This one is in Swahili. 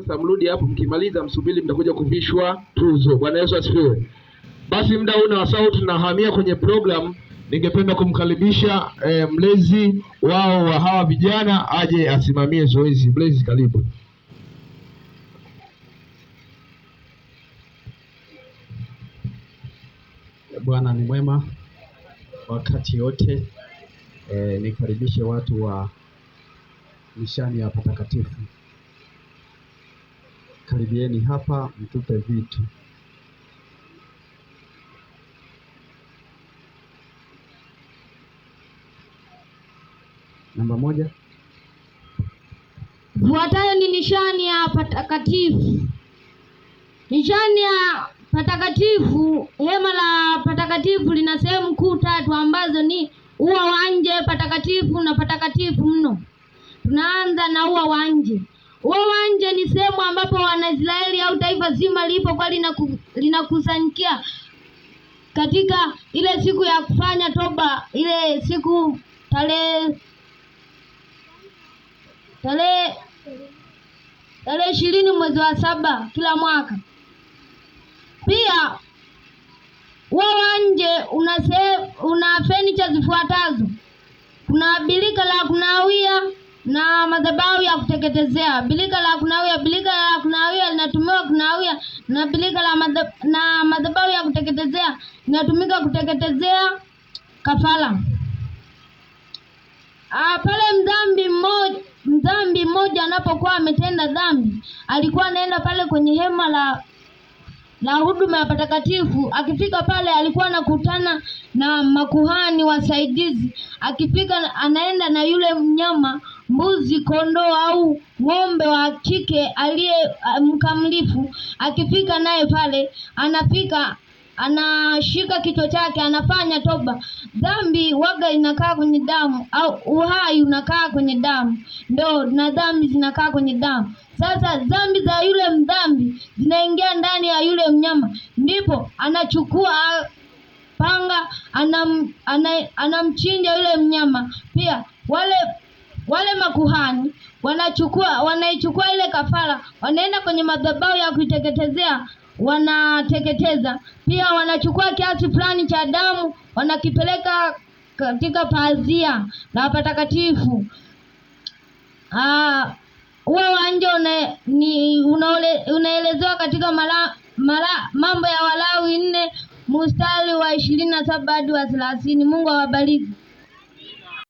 Sasa mrudi hapo, mkimaliza msubiri, mtakuja kuvishwa tuzo. Bwana Yesu asifiwe. Basi muda huu na wasau, tunahamia kwenye program. Ningependa kumkaribisha e, mlezi wao wa hawa vijana aje asimamie zoezi. Mlezi, karibu. Bwana ni mwema wakati yote. E, eh, nikaribishe watu wa nishani ya patakatifu karibieni hapa mtupe vitu. Namba moja, fuatayo ni nishani ya patakatifu. Nishani ya patakatifu. Hema la patakatifu lina sehemu kuu tatu ambazo ni ua wa nje, patakatifu na patakatifu mno. Tunaanza na ua wa nje. Ua wa nje ni sehemu Israeli au taifa zima lilipokuwa linakusanyikia lina katika ile siku ya kufanya toba, ile siku tarehe tarehe tarehe ishirini mwezi wa saba kila mwaka. Pia wa nje una, una fenicha zifuatazo: kuna birika la kunawia na madhabahu ya kuteketezea. Bilika la kunawia, bilika la kunawia linatumiwa kunawia, na bilika la na madhabahu ya kuteketezea linatumika kuteketezea kafara. Ah, pale mdhambi mmoja mdhambi mmoja anapokuwa ametenda dhambi, alikuwa anaenda pale kwenye hema la la huduma ya patakatifu. Akifika pale, alikuwa anakutana na makuhani wasaidizi. Akifika anaenda na yule mnyama mbuzi, kondoo au ng'ombe wa kike aliye ah, mkamilifu, akifika naye pale anafika anashika kichwa chake, anafanya toba. Dhambi waga inakaa kwenye damu, au uhai unakaa kwenye damu, ndo na dhambi zinakaa kwenye damu. Sasa dhambi za yule mdhambi zinaingia ndani ya yule mnyama, ndipo anachukua ah, panga, anam, anamchinja yule mnyama. Pia wale wale makuhani wanachukua wanaichukua ile kafara, wanaenda kwenye madhabahu ya kuiteketezea, wanateketeza. Pia wanachukua kiasi fulani cha damu, wanakipeleka katika pazia la patakatifu. Ah, huo wanje unaelezewa katika mara, mara, mambo ya Walawi nne mstari wa ishirini na saba hadi wa thelathini. Mungu awabariki.